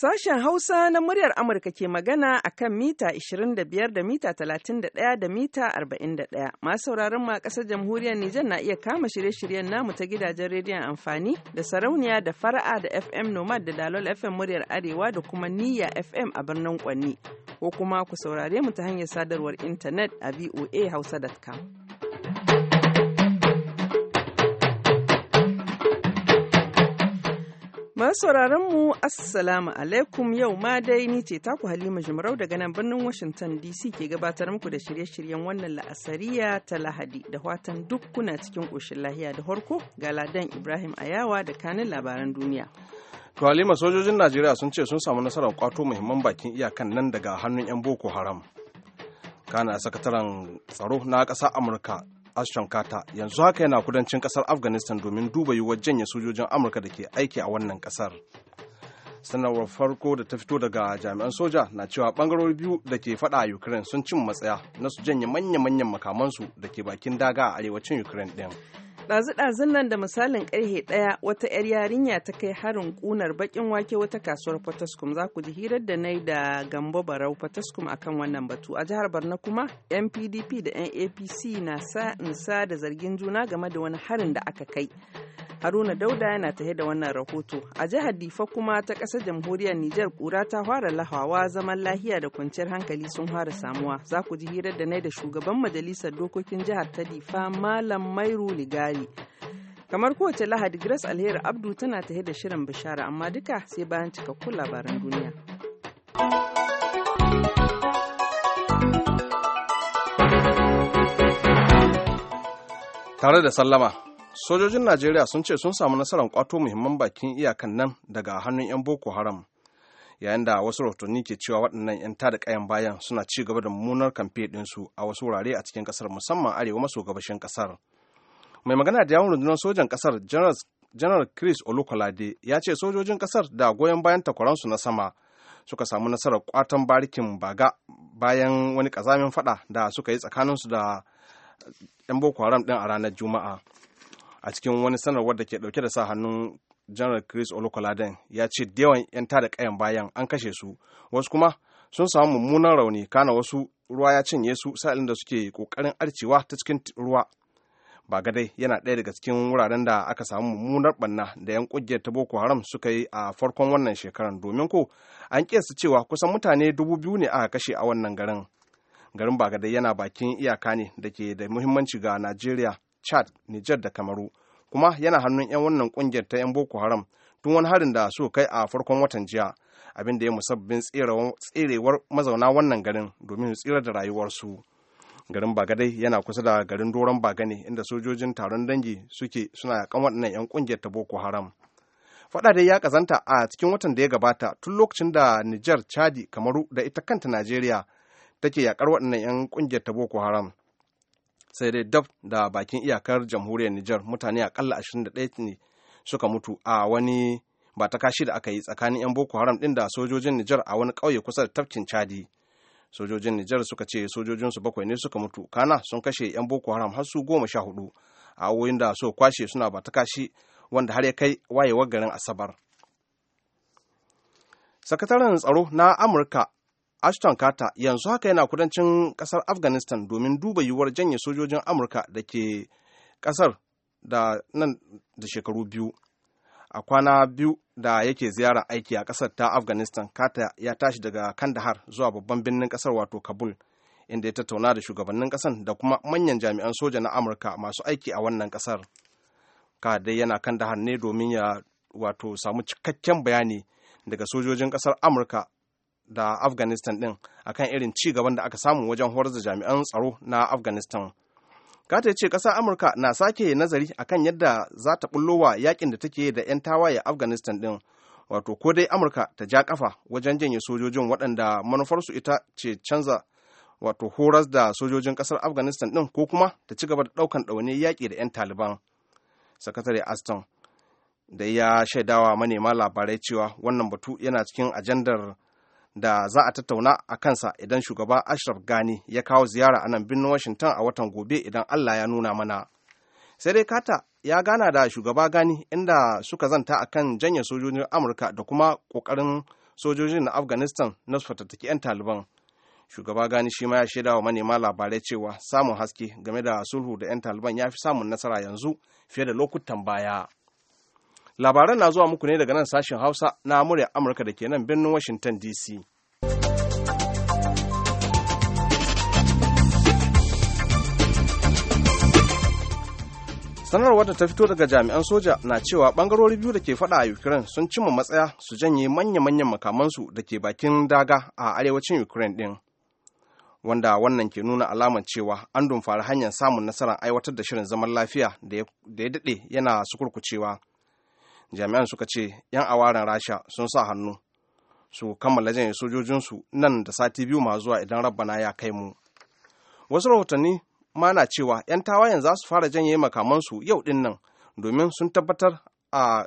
Sashen Hausa na muryar Amurka ke magana a kan mita 25 da mita 31 da mita 41. Masu sauraron ma ƙasar jamhuriyar Nijar na iya kama shirye-shiryen namu ta gidajen rediyon amfani da sarauniya da fara'a da FM Nomad da Dalol FM muryar Arewa da kuma Niyya FM a birnin Kwanni. Ko kuma ku saurare mu ta hanyar sadarwar intanet a voahausa.com. sauraron mu assalamu alaikum yau ma dai ni ce taku halima jimarau daga nan birnin washington dc ke gabatar muku da shirye-shiryen wannan la'asariya ta lahadi da watan duk kuna cikin ƙoshin lahiya da harko ga ladan ibrahim ayawa da kanin labaran duniya to halima sojojin najeriya sun ce sun samu nasarar kwato muhimman bakin iyakan nan daga hannun yan boko haram kana sakataren tsaro na ƙasar amurka Ashton Carter yanzu haka yana kudancin kasar Afghanistan domin duba yiwuwar janye sojojin Amurka da ke aiki a wannan kasar. Sanarwar farko da ta fito daga jami'an soja na cewa bangarori biyu da ke fada a Ukraine sun cin matsaya na su janye manya-manyan makamansu da ke bakin daga a arewacin Ukraine din. Ɗazu-ɗazun nan da misalin karhe ɗaya wata 'yar yarinya ta kai harin ƙunar baƙin wake wata kasuwar Fataskum za ku ji hirar da na yi da Gambo Barau Fataskum akan wannan batu. A jihar Barna kuma npdp da napc APC na sa'insa da zargin juna game da wani harin da aka kai. Haruna Dauda yana tahe da wannan rahoto. A jihar Difa kuma ta ƙasar jamhuriyar Nijar ƙura ta fara lahawa zaman lahiya da kwanciyar hankali sun fara samuwa. Za ku ji hirar da na da shugaban majalisar dokokin jihar ta Difa Malam Mairu Ligari. Kamar kowace Lahadi Grace Alheri Abdu tana tahe da shirin bishara amma duka sai bayan cikakkun labaran duniya. Tare da sallama, sojojin najeriya sun ce sun samu nasarar kwato muhimman bakin iyakan nan daga hannun 'yan boko haram yayin da wasu rahotanni ke cewa waɗannan 'yan tada kayan bayan suna ci gaba da mummunar kamfe ɗinsu a wasu wurare a cikin ƙasar musamman arewa maso gabashin ƙasar mai magana da yawon rundunar sojan ƙasar janar chris olukolade ya ce sojojin ƙasar da goyon bayan takwaransu na sama suka samu nasarar kwatan barikin baga bayan wani ƙazamin faɗa da suka yi tsakaninsu da 'yan boko haram ɗin a ranar juma'a a cikin wani sanarwar da ke dauke da sa hannun general chris olukoladen ya ce da yawan 'yan tada kayan bayan an kashe su wasu kuma sun samu mummunan rauni kana wasu ruwa ya cinye su sa'ilin da suke kokarin arcewa ta cikin ruwa ba gadai yana ɗaya daga cikin wuraren da aka samu mummunar ɓanna da 'yan ƙungiyar ta boko haram suka yi a farkon wannan shekaran domin ko an kiyasta cewa kusan mutane dubu biyu ne aka kashe a wannan garin garin ba bagadai yana bakin iyaka ne da ke da muhimmanci ga najeriya chad niger da kamaru kuma yana hannun 'yan wannan kungiyar ta 'yan boko haram tun wani harin da su kai a farkon watan jiya abin da ya musabbin tserewar mazauna wannan garin domin su tsira da rayuwarsu garin bagadai yana kusa da garin doron bagane inda sojojin taron dangi suke suna yakan waɗannan 'yan kungiyar ta boko haram faɗa dai ya kazanta a cikin watan da ya gabata tun lokacin da nijar chadi kamaru da ita kanta najeriya take yakar waɗannan 'yan kungiyar ta boko haram sai dai dab da bakin iyakar jamhuriyar Nijar mutane akalla 21 ne suka mutu a wani ba ta kashi da aka yi tsakanin 'yan Boko Haram ɗin da sojojin Nijar a wani ƙauye kusa da tafkin Chadi. Sojojin Nijar suka ce sojojinsu bakwai ne suka mutu, kana sun kashe 'yan Boko Haram har su goma sha hudu a wuyin da so kwashe suna ba ta kashi wanda har ya kai wayewar garin Asabar. Sakataren tsaro na Amurka ashton carter yanzu haka yana kudancin kasar afghanistan domin duba yiwuwar janye sojojin amurka da ke kasar da nan da shekaru biyu a kwana biyu da yake ziyara aiki a kasar ta afghanistan carter ya tashi daga kandahar zuwa babban birnin kasar wato kabul inda ya tattauna da shugabannin kasar da kuma manyan jami'an soja na amurka masu aiki a wannan kasar kadai yana kandahar ne domin ya wato samu cikakken bayani daga sojojin kasar amurka da afghanistan din akan irin ci gaban da aka samu wajen horar da jami'an tsaro na afghanistan ya ce ƙasar amurka na sake nazari akan yadda za ta wa yakin da take da 'yan tawaye afghanistan din wato ko dai amurka ta ja kafa wajen janye sojojin waɗanda manufarsu ita ce canza wato horas da sojojin ƙasar afghanistan din ko kuma ta ci gaba da ɗaukan ɗaune yaƙi da 'yan taliban sakatare aston da ya shaidawa manema labarai cewa wannan batu yana cikin ajandar da za a tattauna a kansa idan shugaba Ashraf Gani ya kawo ziyara a nan birnin Washington a watan gobe idan Allah ya nuna mana. Sai dai Kata ya gana da shugaba Gani inda suka zanta a kan janye sojojin Amurka da kuma kokarin sojojin na Afghanistan na su fatattaki 'yan Taliban. Shugaba Gani shi ma ya shaida wa manema labarai cewa samun haske game da sulhu da 'yan Taliban ya fi samun nasara yanzu fiye da lokutan baya. labaran na zuwa muku ne daga nan sashen hausa na murya amurka da ke nan birnin washington dc sanarwar da ta fito daga jami'an soja na cewa bangarori biyu da ke fada a ukraine sun cimma matsaya su janye manya-manyan makamansu da ke bakin daga a arewacin ukraine din wanda wannan ke nuna alamar cewa an dumfari hanyar samun nasarar aiwatar da shirin zaman lafiya da ya daɗe yana sukurkucewa. cewa jami'an suka ce 'yan awaren rasha sun sa hannu su kammala janye sojojinsu nan da sati biyu ma zuwa idan rabbana ya kai mu wasu rahotanni ma na cewa 'yan tawayen za su fara janye makamansu yau din nan domin sun tabbatar a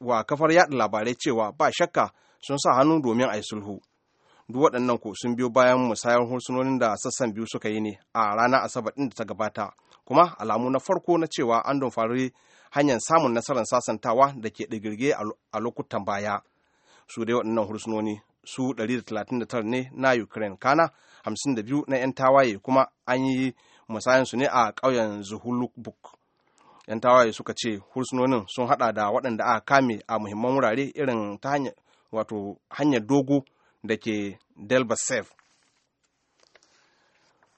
wa kafar yaɗa labarai cewa ba shakka sun sa hannu domin a yi sulhu duk waɗannan ko sun biyo bayan musayar hursunonin da sassan biyu suka yi ne a ranar asabar ɗin da ta gabata kuma alamu na farko na cewa an don fari hanyar samun nasarar sasantawa da ke digirge a lokutan baya su dai waɗannan hursunoni su 139 ne na ukraine kana 52 na 'yan tawaye kuma an yi musayansu ne a ƙauyen zuhulubuk 'yan tawaye suka ce hursunonin sun hada da waɗanda aka kame a muhimman wurare irin ta hanyar wato dogo da ke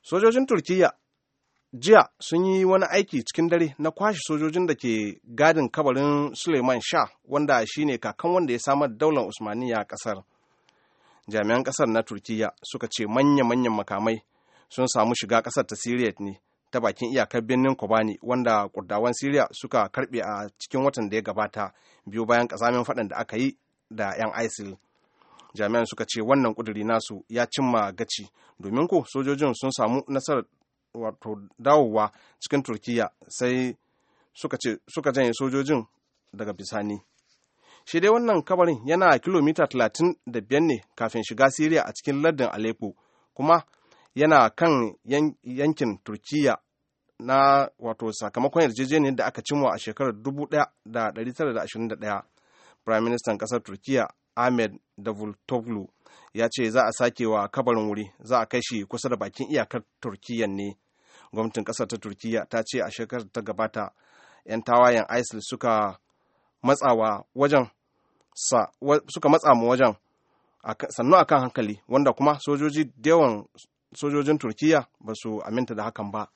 sojojin turkiyya jiya sun yi wani aiki cikin dare na kwashe sojojin da ke gadin kabarin suleiman sha wanda shine kakan wanda ya samar daular usmaniya a kasar jami'an kasar na turkiya suka ce manya-manyan makamai sun samu shiga kasar ta siriya ne ta bakin iyakar birnin kobani wanda kurdawan siriya suka karbe a cikin watan da ya gabata biyu bayan kasamin faɗan da aka yi da 'yan isil jami'an suka ce wannan kuduri nasu ya cimma gaci domin ko sojojin sun samu nasarar wato dawowa cikin turkiya sai suka ce janye sojojin daga bisani shi dai wannan kabarin yana kilomita 35 ne kafin shiga siriya a cikin lardin aleppo kuma yana kan yankin turkiya na wato sakamakon yarjejeniyar da aka cimwa a shekarar 1921 firayim minister kasar turkiya ahmed davutoglu ya ce za a sake wa kabarin wuri za a kai shi kusa da bakin iyakar turkiyya ne gwamnatin kasar ta turkiyya ta ce a shekarar ta gabata 'yan tawayen isil suka matsawa matsa mu wajen sannu akan hankali wanda kuma sojoji da sojojin turkiyya ba su aminta da hakan ba.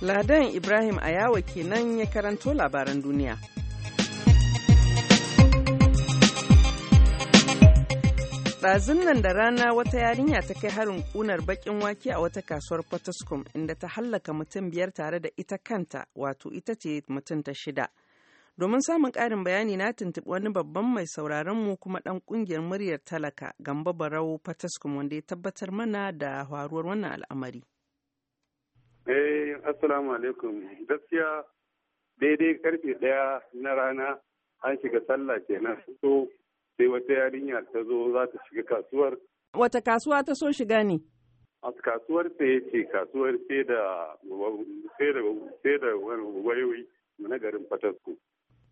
Ladan Ibrahim Ayawa kenan ya karanto labaran duniya. Ɗazun nan da rana wata yarinya ta kai harin ƙunar baƙin wake a wata kasuwar Potoscom inda ta hallaka mutum biyar tare da ita kanta wato ita ce mutum ta shida. Domin samun ƙarin bayani na tuntuɓi wani babban mai sauraron mu kuma ɗan ƙungiyar muryar talaka Gamba Barau Potoscom wanda ya tabbatar mana da faruwar wannan al'amari. Eh, assalamu alaikum. Gaskiya daidai karfe daya na rana an shiga sallah kenan. So sai wata yarinya ta zo za ta shiga kasuwar. Wata kasuwa ta so shiga ne? Kasuwar sai ce kasuwar sai da wayoyi na garin Fatasko.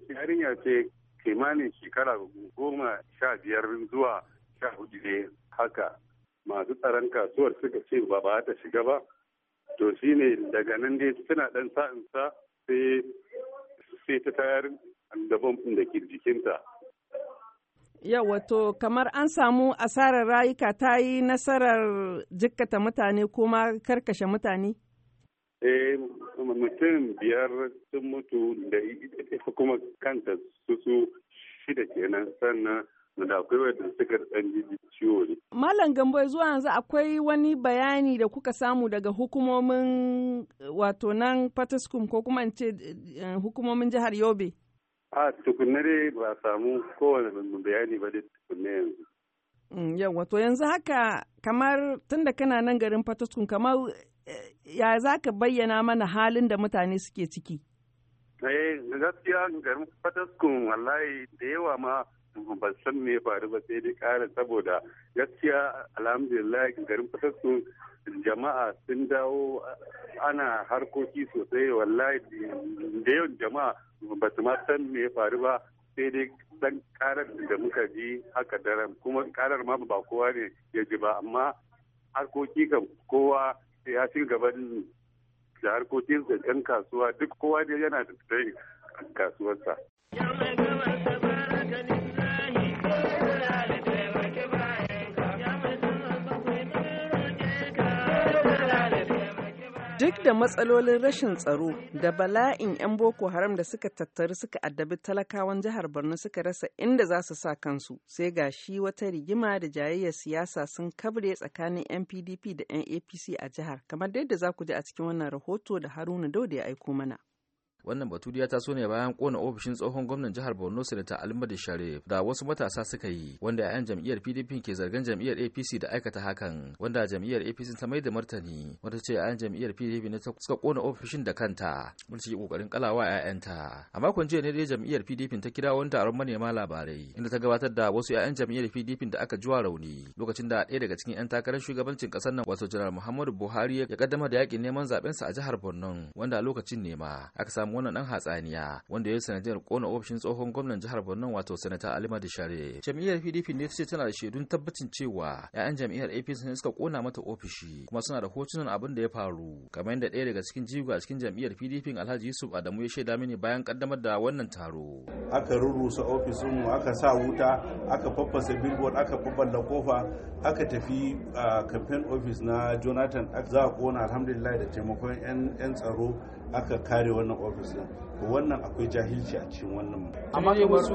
Yarinya ce kimanin shekara goma sha biyar zuwa sha hudu ne haka masu tsaron kasuwar suka ce ba ba ta shiga ba. to ne daga nan dai suna dan sa'in sa sai ta tayar da bambun da ke jikinta yawa to kamar an samu asarar rayuka ta yi nasarar jikkata mutane kuma karkashe mutane eh mutum biyar sun mutu da ita kuma kanta su shida kenan sannan da akwai wadda suka ɗan ji ciwo ne. Malam Gambo zuwa yanzu akwai wani bayani da kuka samu daga hukumomin wato nan Fataskum ko kuma in ce eh, hukumomin jihar Yobe. A tukunna dai ba samu kowane bayani ba dai tukunna yanzu. Mm, Yawwa to yanzu haka kamar tunda kana nan garin Fataskum kamar eh, ya za ka bayyana mana halin da mutane suke ciki? Eh gaskiya garin Fataskum wallahi da yawa ma ban san me ya faru ba sai dai ƙara saboda gaskiya alhamdulillah garin fatarsu jama'a sun dawo ana harkoki sosai wallahi da yau jama'a ba su ma san me ya faru ba sai dai dan karar da muka ji haka daren kuma karar ma ba kowa ne ya ji ba amma harkoki kan kowa sai ya ci gaban da harkokinsa 'yan kasuwa duk kowa ne yana da a kasuwarsa. Duk da matsalolin rashin tsaro da bala'in 'yan Boko Haram da suka tattaru suka addabi talakawan jihar Borno suka rasa inda za su sa kansu, sai ga shi wata rigima da jayayyar siyasa sun kabre tsakanin NPDP da NAPC a jihar, kamar yadda za ku ji a cikin wannan rahoto da Haruna Dauda ya aiko mana. wannan batu ya taso ne bayan kona ofishin tsohon gwamnan jihar borno sanata alimadi sharif da wasu matasa suka yi wanda 'ya'yan jam'iyyar pdp ke zargin jam'iyyar apc da aikata hakan wanda jam'iyyar apc ta mai da martani wata ce 'ya'yan jam'iyyar pdp ne ta suka kona ofishin da kanta mun ce kokarin kalawa 'ya'yanta a makon jiya ne dai jam'iyyar pdp ta kira wani taron manema labarai inda ta gabatar da wasu 'ya'yan jam'iyyar pdp da aka juwa rauni lokacin da ɗaya daga cikin 'yan takarar shugabancin ƙasar nan wato janar muhammadu buhari ya kaddamar da yakin neman zaɓensa a jihar borno wanda a lokacin nema aka samu wannan dan hatsaniya wanda ya sanadiyar kona ofishin tsohon gwamnan jihar Borno wato sanata Ali share Jam'iyyar PDP ne ce tana da shaidun tabbacin cewa 'ya'yan jam'iyyar APC ne suka kona mata ofishi kuma suna da hotunan abin da ya faru kamar yadda ɗaya daga cikin jigo a cikin jam'iyyar PDP Alhaji Yusuf Adamu ya shaida mini bayan kaddamar da wannan taro. Aka rurrusa ofishin mu aka sa wuta aka faffasa billboard aka da kofa aka tafi campaign office na Jonathan za a kona alhamdulillah da taimakon 'yan tsaro aka kare wannan ofis din wannan akwai jahilci a cikin wannan amma ne wasu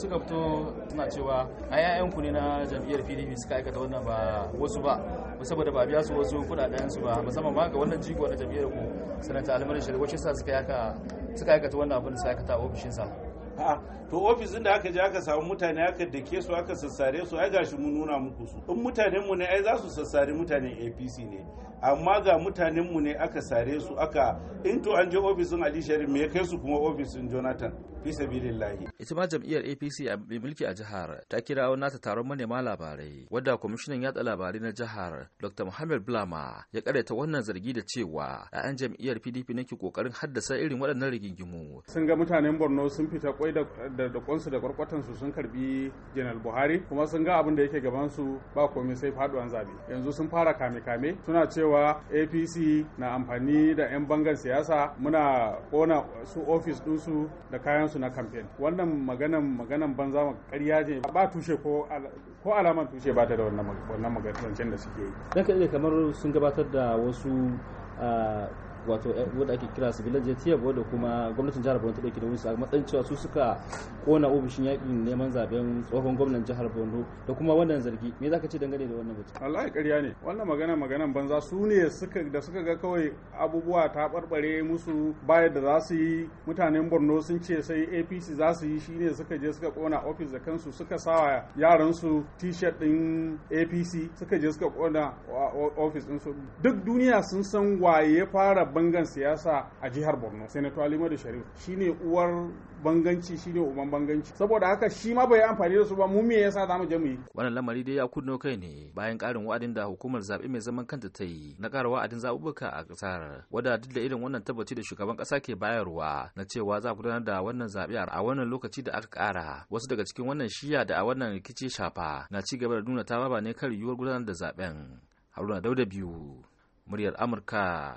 suka fito suna cewa a yayan ku ne na jam'iyyar PDP suka aikata wannan ba wasu ba saboda ba biya su wasu kudaden su ba musamman ma ga wannan jigo na jam'iyyar ku sanata almarin shirgo shi sa suka yaka suka aikata wannan abin da suka aikata a ofishin sa to ofisin da aka je aka samu mutane aka dake su aka sassare su ai gashi mun nuna muku su in mutanen mu ne ai za su sassare mutanen APC ne amma ga mutanenmu ne aka sare su aka in to an je ofisin ali sharif me kai su kuma ofisin jonathan fi sabilillahi ita ma jam'iyyar apc mai mulki a jihar ta kirawo nata taron manema labarai wadda kwamishinan yatsa labarai na jihar dr muhammad blama ya karyata wannan zargi da cewa a an jam'iyyar pdp ke kokarin haddasa irin waɗannan rigingimu sun ga mutanen borno sun fita kwai da kwansu da kwarkwatansu sun karbi janar buhari kuma sun ga abin da yake gaban su ba komai sai faduwan zabe yanzu sun fara kame-kame suna cewa cewa apc na amfani da 'yan bangar siyasa muna kona su ofis ɗinsu da kayansu na kamfen wannan maganan maganan banza karya ne ba tushe ko alaman tushe ba ta da wannan maganan da suke yi. Zan kamar sun gabatar da wasu ah, wato eh, wanda ake kira su civil tiyar da kuma gwamnatin jihar borno ta dauki da su a matsayin cewa su suka kona ofishin yakin neman zaben tsohon gwamnan jihar borno da kuma wannan zargi me zaka ce dangane da wannan batu Allah ƙarya ne wannan magana maganan banza su ne suka da suka ga kawai abubuwa ta barbare musu bayan da za su yi mutanen borno sun ce sai apc za su yi shine suka je suka kona ofis da kansu suka sawa yaran su t-shirt din apc suka je suka kona ofis din su duk duniya sun san waye ya fara bangan siyasa a jihar borno senator da sharif shine uwar banganci shine uban banganci saboda haka shi ma bai amfani da su ba mu me yasa za mu je mu yi wannan lamari dai ya kudno kai ne bayan karin wa'adin da hukumar zabe mai zaman kanta ta yi na ƙara wa'adin zaɓuɓɓuka a ƙasar wadda duk da irin wannan tabbaci da shugaban ƙasa ke bayarwa na cewa za a gudanar da wannan zaɓe a wannan lokaci da aka ƙara wasu daga cikin wannan shiya da a wannan rikici shafa na ci gaba da nuna ta ba ne kan yiwuwar gudanar da zaɓen haruna dauda biyu muryar amurka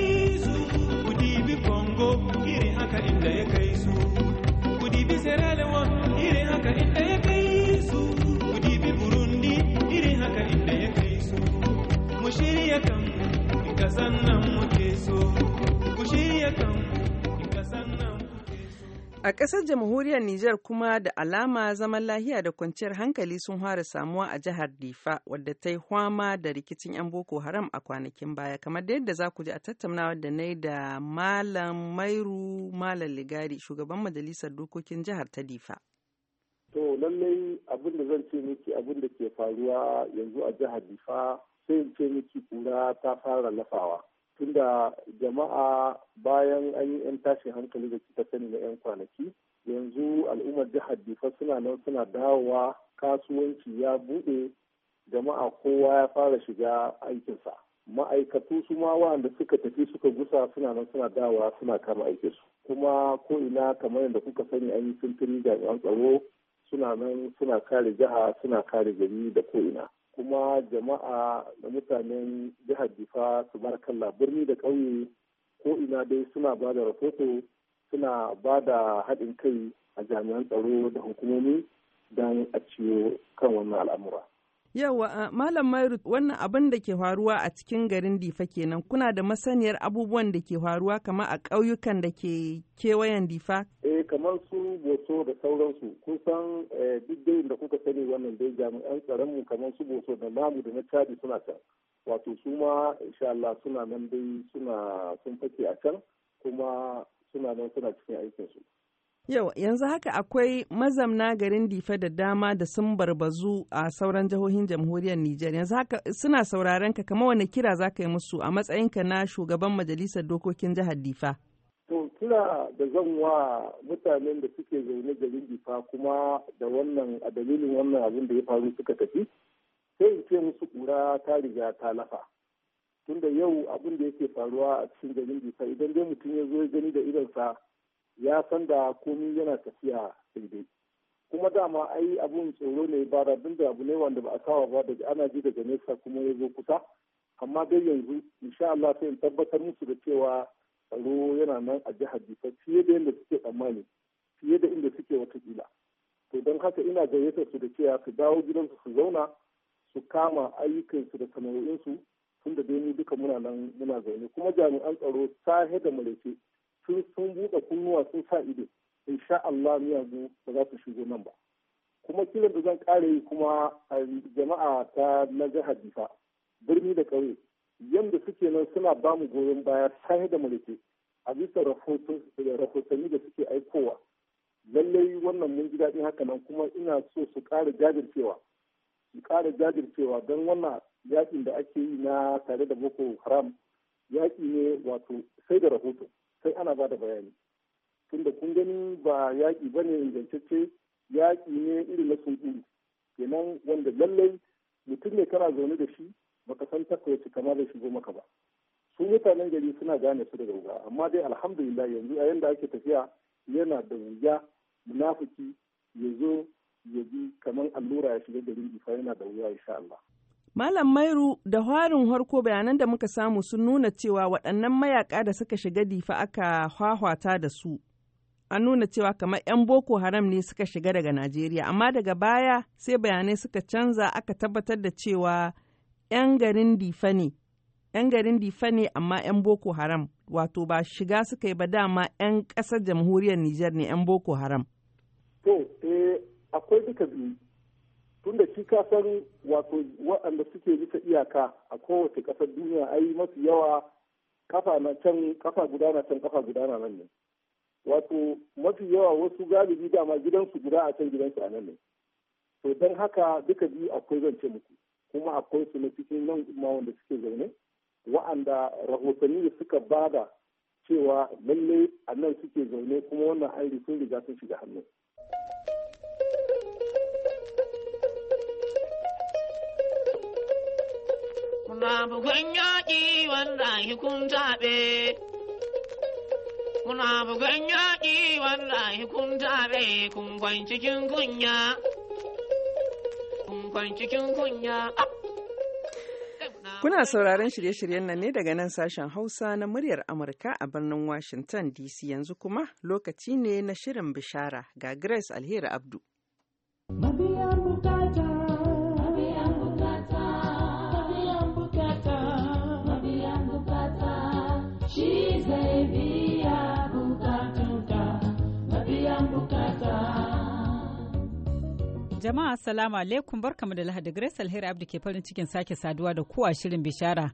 A ƙasar jamhuriyar Nijar kuma da alama zaman lahiya da kwanciyar hankali sun fara samuwa a jihar Difa wadda ta yi hwama da rikicin 'yan Boko Haram a kwanakin baya kamar da yadda za ku ji a tattaunawar da na da Malam Mairu Malam Ligari shugaban majalisar dokokin jihar ta Difa. To lallai abin da zan ce miki abin da ke faruwa yanzu a jihar Difa sai in ce miki kura ta fara lafawa tunda jama'a bayan an yi 'yan tashin hankali da kita sani na 'yan kwanaki yanzu al'ummar jihar difa suna nan suna dawowa kasuwanci ya buɗe jama'a kowa ya fara shiga aikinsa ma'aikatu su ma suka tafi suka gusa suna nan suna dawowa suna kama aikinsu kuma ko ina kamar yadda kuka sani an yi sintiri jami'an tsaro suna nan suna kare jiha suna kare gari da ko ina kuma jama'a da mutanen jihar difa su kalla birni da ƙauye ko ina dai suna ba da rahoto suna ba da haɗin kai a jami'an tsaro da hukumomi don a ciyo kan wannan al'amura. Yawa eh, Malam Mairu wannan abin da ke faruwa a cikin garin Difa kenan kuna da masaniyar abubuwan da ke faruwa kamar a ƙauyukan da ke kewayen Difa? Eh kamar su Boso da sauransu kun san eh, duk dai da kuka sani wannan dai jami'an tsaronmu kamar su Boso da namu da na Chadi suna can. Wato su ma insha Allah suna nan dai suna sun fake a can kuma suna nan suna cikin aikinsu. Yau yanzu haka akwai mazamna garin Difa da dama da sun barbazu a sauran jihohin jamhuriyar Nijar. Yanzu haka suna sauraron ka kama wani kira za ka yi musu a matsayinka na shugaban majalisar dokokin jihar Difa. To kira da zan wa mutanen da suke zaune garin Difa kuma da wannan a dalilin wannan abin da ya faru suka tafi sai in ce musu kura ta riga ta lafa. Tunda yau abin da yake faruwa a cikin garin Difa idan dai mutum ya zo gani da idonsa ya san da komi yana tafiya daidai kuma dama ai abun tsoro ne ba da da abu ne wanda ba a kawo ba daga ana ji daga nesa kuma ya zo kusa amma dai yanzu insha Allah sai tabbatar musu da cewa tsaro yana nan a jihar Jifa fiye da yadda suke tsammani fiye da inda suke wata kila to don haka ina gayyatar su da cewa su dawo gidansu su zauna su kama ayyukansu da sana'o'insu tun da dai duka muna nan muna zaune kuma jami'an tsaro sahe da malaice sun buɗe kunnuwa sun sa ido insha Allah miyagu ba za su shigo nan ba kuma kila da zan kare kuma jama'a ta na jihar Difa birni da ƙauye yadda suke nan suna ba mu goyon baya sai da mulke a bisa rahotanni da suke aikowa lallai wannan mun ji daɗin haka nan kuma ina so su ƙara jajircewa su ƙara jajircewa don wannan yakin da ake yi na tare da boko haram yaki ne wato sai da rahoto sai ana ba da bayani tunda kun gani ba yaƙi ba ne ingantacce yaƙi ne irin na sunkuru kenan wanda lallai mutum ne kana zaune da shi baka san taka wace kama da shigo maka ba su mutanen gari suna gane su daga wuga amma dai alhamdulillah yanzu a yanda ake tafiya yana da wuya munafuki ya zo ya bi kamar allura ya shiga garin ifa yana da wuya insha Allah Malam Mairu da harin harko bayanan da muka samu sun nuna cewa waɗannan mayaka da suka shiga difa aka hwahwata da su. An nuna cewa kamar 'yan Boko Haram ne suka shiga daga Najeriya, amma daga baya sai bayanai suka canza aka tabbatar da cewa 'yan garin difa ne. 'Yan garin difa ne amma 'yan Boko Haram, wato ba shiga suka yi ba dama 'yan ƙasar jamhuriyar Nijar ne 'yan Boko Haram. To, eh, akwai duka biyu. tunda shi ka san wato waɗanda suke bisa iyaka a kowace ƙasar duniya ai mafi yawa kafa na can kafa guda can kafa guda nan ne wato mafi yawa wasu galibi dama gidansu guda a can gidansu a nan ne to don haka duka biyu akwai zance muku kuma akwai su na cikin nan ma wanda suke zaune wa'anda rahotanni da suka bada cewa lalle a nan suke zaune kuma wannan aiki sun riga sun shiga hannu Kuna bugun yaƙi wallahi kun taɓe. yaƙi wallahi kun taɓe kun kwan cikin kunya. Kun kwan cikin kunya. Kuna sauraron shirye-shiryen nan ne daga nan sashen Hausa na muryar Amurka a birnin Washington DC yanzu kuma lokaci ne na shirin bishara ga Grace Alheri Abdu. Jama'a assalamu alaikum barkamu da Lahadi Grace Alheri Abdi ke farin cikin sake saduwa da kowa shirin bishara.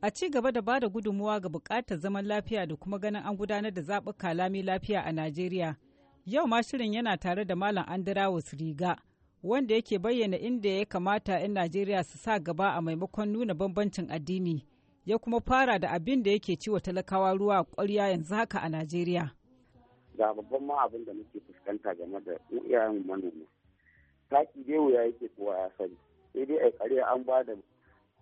A ci gaba da bada gudunmuwa ga bukatar zaman lafiya da kuma ganin an gudanar da zaɓuka lami lafiya a Najeriya. Yau ma shirin yana tare da Malam Andarawus Riga wanda yake bayyana inda ya kamata 'yan Najeriya su sa gaba a maimakon nuna bambancin addini. Ya kuma fara da abin da yake ciwa talakawa ruwa a ƙwarya yanzu haka a Najeriya. Ga babban ma abin da muke fuskanta game da iyayen manoma. taki dai wuya yake kowa ya sani sai dai a kare an ba da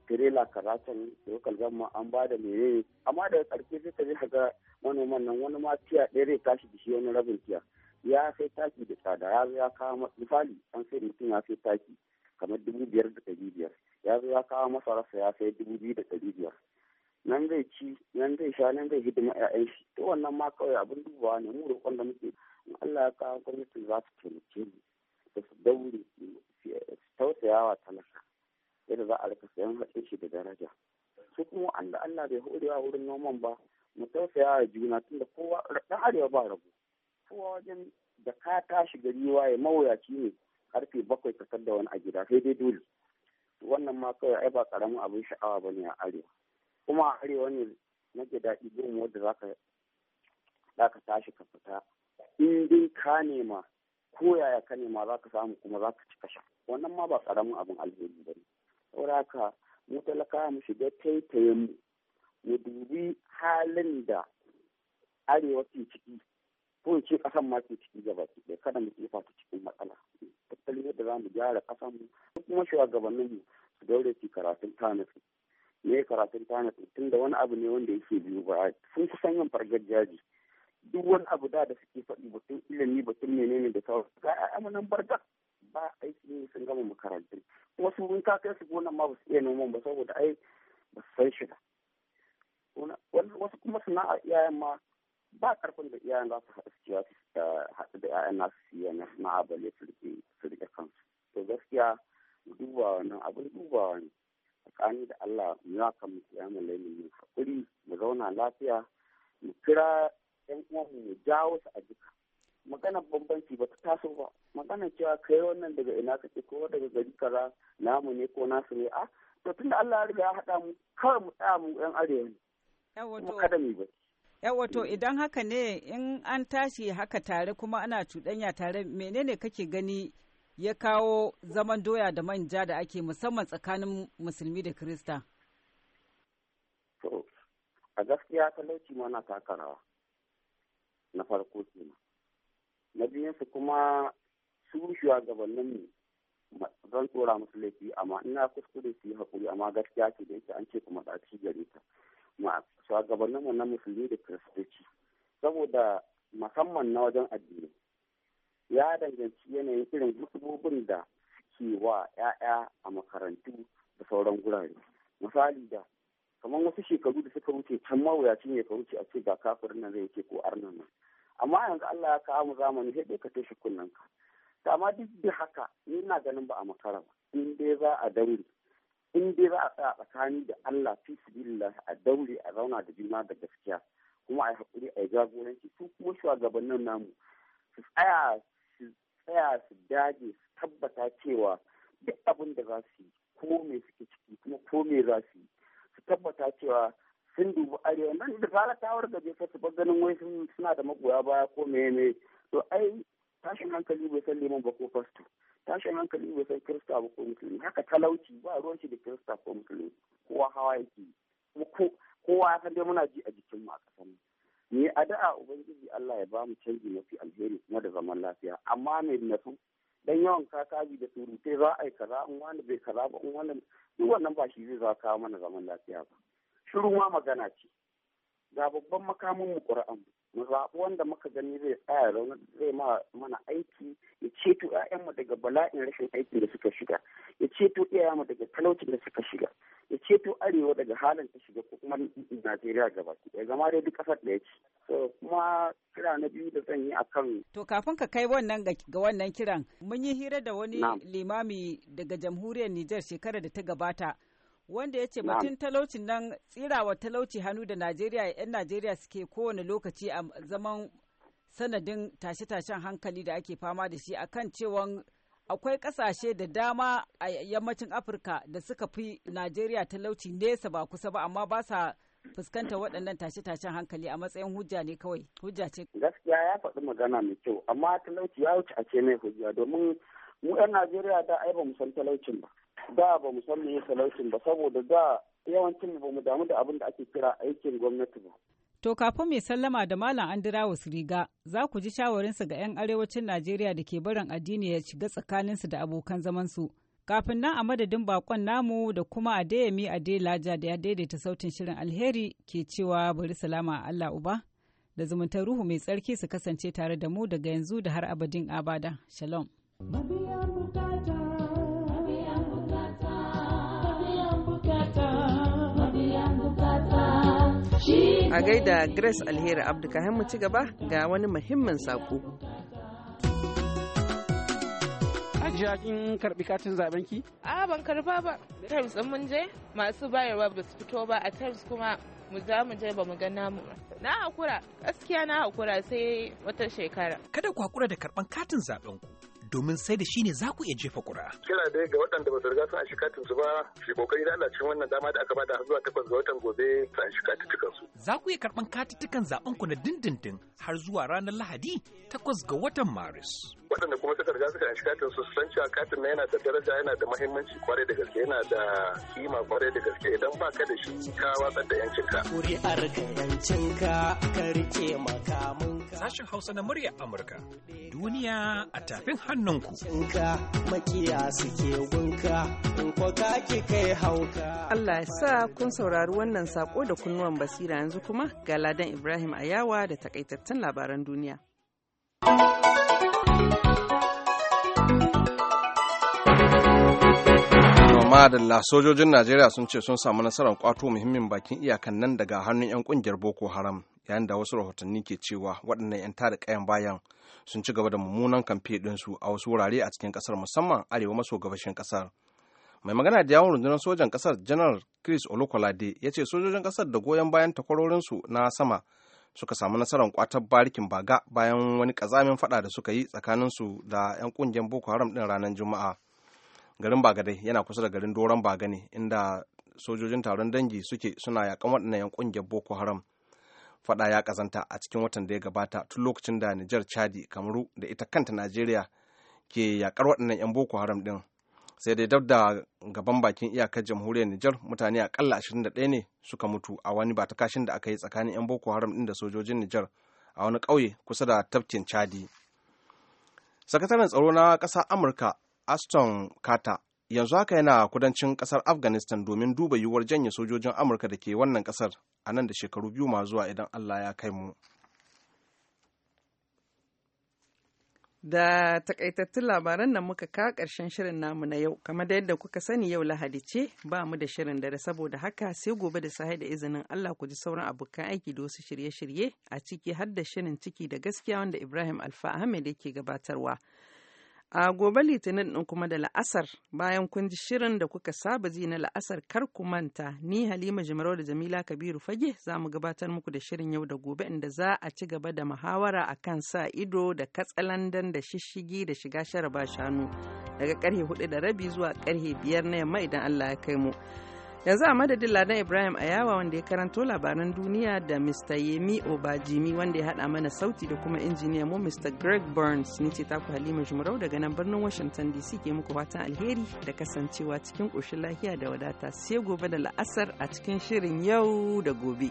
tirela karatan local government an ba da mere amma daga karshe sai ka je ga manoman nan wani ma tiya ɗaya zai tashi da shi wani rabin tiya ya sai taki da tsada ya zo ya kawo misali an sai mutum ya sai taki kamar dubu biyar da ɗari biyar ya zo ya kawo masararsa ya sai dubu biyu da ɗari biyar nan zai ci nan zai sha nan zai hidima 'ya'yan shi to wannan ma kawai abin dubawa ne mu roƙon da muke in Allah ya kawo gwamnati za ta taimake mu da su tausayawa talaka yadda za a rika sayan haɗe shi da daraja su kuma wanda Allah bai horewa wurin noman ba mu tausaya juna tunda kowa dan arewa ba rabu kowa wajen da ka tashi gari waye mawuyaci ne karfe bakwai ka da wani a gida sai dai dole wannan ma kawai ai ba karamin abin sha'awa bane a arewa kuma a arewa ne nake daɗi goma wadda za ka tashi ka fita in dai ka nema koyaya ka ne ma za ka samu kuma za ka ci kasha wannan ma ba karamin abin alheri ba ne saboda haka mu talakawa mu shiga taitayen mu mu dubi halin da arewa ke ciki ko in ce kasan ma ke ciki gaba da kada mu jefa ta cikin matsala tattalin yadda za mu gyara kasan mu kuma shugabannin mu su daure su karatun tanafi me karatun tanafi tunda wani abu ne wanda yake biyu ba sun kusan yin fargar jaji duk wani abu da da suke faɗi batun ilimi batun menene da sauran ga amanan barka ba aiki ne sun gama makarantun wasu mun ka kai su gonan ma ba su iya noman ba saboda ai ba su san shi ba wasu kuma sana'a iyayen ma ba karfin da iyayen za su haɗu su eh, haɗu da iyayen nasu su yi na sana'a ba ne su rike kansu to gaskiya duba nan abin duba ne tsakani da Allah mu ya kamata ya laimin mu haƙuri mu zauna lafiya mu kira yan mu ya jawo su a jika magana bambanci ba ta taso ba magana cewa kai wannan daga ina ka ce ko daga gari kaza namu ne ko nasu ne a to tunda Allah ya riga ya haɗa mu kawai mu tsaya mu yan arewa ne mu kada mu ba yawa to idan haka ne in an tashi haka tare kuma ana cuɗanya tare menene kake gani ya kawo zaman doya da manja da ake musamman tsakanin musulmi da krista a gaskiya talauci mana taka rawa na farko kenan na biyunsu kuma su shugabannin ne zan tsora musu laifi amma ina kuskure su yi haƙuri amma gaskiya ce da yake an ce kuma ɗaci gare ta ma shugabannin mu na musulmi da kiristoci saboda musamman na wajen addini ya danganci yanayin irin hudubobin da suke wa 'ya'ya a makarantu da sauran gurare misali da kamar wasu shekaru da suka wuce can mawuyacin ya wuce a ce ga kafirin nan zai ce ko arnan nan amma yanzu Allah ya kawo mu zamani sai dai ka tashi kunnen ka to amma duk da haka ni ina ganin ba a makara ba in dai za a daure in dai za a tsaya tsakani da Allah fi sabilillah a daure a zauna da juna da gaskiya kuma a yi hakuri a jagoranci su kuma shugabannin namu su tsaya su tsaya su dage su tabbata cewa duk abin da za su yi ko me suke ciki kuma ko me za su yi su tabbata cewa sun dubi arewa nan da fara tawar da jefa su ganin wai suna da magoya baya ko meye ne to ai tashin hankali bai san liman ba ko fasto tashin hankali bai san kirista ba ko musulmi haka talauci ba ruwan shi da kirista ko musulmi kowa hawa yake kowa ya san dai muna ji a jikin mu a kasan ni addu'a ubangiji Allah ya ba mu canji mafi alheri kuma da zaman lafiya amma me nasu dan yawan kakabi da surutai za a yi kaza in wani bai kaza ba in wani duk wannan ba shi zai za kawo mana zaman lafiya ba shiru ma magana ce ga babban makamin mu ƙura'an mu zaɓi wanda muka gani zai tsaya zai ma mana aiki ya ceto mu daga bala'in rashin aikin da suka shiga ya ceto mu daga talaucin da suka shiga ya ceto arewa daga halin ta shiga ko kuma najeriya gaba ɗaya zama dai duk ƙasar ɗaya ce so kuma kira na biyu da zan yi akan to kafin ka kai wannan ga wannan kiran mun yi hira da wani limami daga jamhuriyar nijar shekarar da ta gabata wanda ya ce batun talauci nan tsirawa talauci hannu da Najeriya 'yan Najeriya suke kowane lokaci a zaman sanadin tashe-tashen hankali da ake fama da shi akan cewa akwai kasashe da dama a yammacin Afirka da suka fi Najeriya talauci nesa ba kusa ba amma ba sa fuskantar waɗannan tashe-tashen hankali a matsayin hujja ne kawai hujja ce. Gaskiya ya faɗi magana mai kyau amma talauci ya wuce a ce mai hujja domin mu 'yan Najeriya da ai ba mu san talaucin ba. da ba mu san meye talaucin ba saboda da yawancin ba mu damu da abin da ake kira aikin gwamnati ba. To kafin mai sallama da Malam Andirawas Riga za ku ji shawarinsa ga 'yan arewacin Najeriya da ke barin addini ya shiga tsakaninsu da abokan zamansu. Kafin nan a madadin bakon namu da kuma Adeyemi Adelaja da ya daidaita sautin shirin alheri ke cewa bari salama Allah Uba da zumuntar ruhu mai tsarki su kasance tare da mu daga yanzu da har abadin abada. Shalom. A gaida Grace Alheri Abdu mu ci gaba ga wani muhimmin sako. Hajiya kin karbi katin zaben ki? A ban karba ba. times din mun je masu bayarwa ba su fito ba a times kuma mu za mu je ba mu ga namu Na hakura, gaskiya na hakura sai wata shekara. Kada ku hakura da karban katin zaben ku. domin sai da shi ne za ku iya jefa kura. Kira dai ga waɗanda ba su riga sun shi katin su ba, shi kokari da Allah wannan dama da aka bada zuwa takwas ga watan gobe su anshi katuttukan su. Za ku iya karɓan katuttukan zaɓen ku na dindindin har zuwa ranar Lahadi takwas ga watan Maris. Waɗanda kuma suka riga suka shi katin su san cewa katin na yana da daraja yana da mahimmanci kwarai da gaske yana da kima kwarai da gaske idan ba ka da shi ka watsar da yancinka. Kuri'ar ka yancinka ka rike makamin sashen Hausa na muryar Amurka. Duniya a tafin hannunku. Allah ya sa kun saurari wannan sako da kunnuwan basira yanzu kuma ga Ladan Ibrahim Ayawa da takaitattun labaran duniya. madalla sojojin najeriya sun ce sun samu nasarar kwato muhimmin bakin iyakan nan daga hannun 'yan kungiyar boko haram yayin da wasu rahotanni ke cewa waɗannan 'yan tada kayan bayan sun ci gaba da mummunan kamfe ɗinsu a wasu wurare a cikin ƙasar musamman arewa maso gabashin ƙasar mai magana da yawon rundunar sojan ƙasar janar chris olukolade ya ce sojojin ƙasar da goyon bayan takwarorinsu na sama suka samu nasarar kwatar barikin baga bayan wani ƙazamin fada da suka yi tsakaninsu da 'yan ƙungiyar boko haram ɗin ranar juma'a garin bagadai yana kusa da garin doron baga ne inda sojojin taron dangi suke suna yakan waɗannan 'yan ƙungiyar boko haram Faɗa ya kazanta a cikin watan da ya gabata tun lokacin da Nijar Chadi Kamaru da ita kanta Najeriya ke yakar waɗannan 'yan Boko Haram ɗin. Sai dai dab da gaban bakin iyakar jamhuriyar Nijar mutane akalla 21 ne suka mutu a wani ba ta kashin da aka yi tsakanin 'yan Boko Haram ɗin da sojojin Nijar a wani ƙauye kusa da tafkin Chadi. Sakataren tsaro na ƙasa Amurka Aston Carter yanzu haka yana kudancin kasar afghanistan domin duba yiwuwar janye sojojin amurka da ke wannan kasar a nan da shekaru biyu ma zuwa idan allah ya kai mu da takaitattun labaran nan muka ka karshen shirin namu na yau kama da yadda kuka sani yau lahadi ce ba mu da shirin dare saboda haka sai gobe da sahi da izinin Allah ku ji sauran abokan aiki da wasu shirye-shirye a ciki har da shirin ciki da gaskiya wanda Ibrahim Alfa Ahmed yake gabatarwa A gobe litinin ɗin kuma da la'asar bayan kun ji shirin da kuka saba ji na la'asar kar ku manta ni Halima Jimarau da Jamila Kabiru Fage za mu gabatar muku da shirin yau da gobe inda za a ci gaba da muhawara kan sa ido da katsalandan da shishigi da shiga sharaba shanu daga karhe hudu da rabi zuwa karhe biyar na yamma idan Allah ya kai mu. yanzu a madadin ladan ibrahim ayawa wanda ya karanto labaran duniya da mr yemi obajimi wanda ya hada mana sauti da kuma injiniya mu mr greg burns ni ce taku halima jumarau daga nan birnin washington dc ke muku fatan alheri da kasancewa cikin koshin lafiya da wadata sai gobe da la'asar a cikin shirin yau da gobe.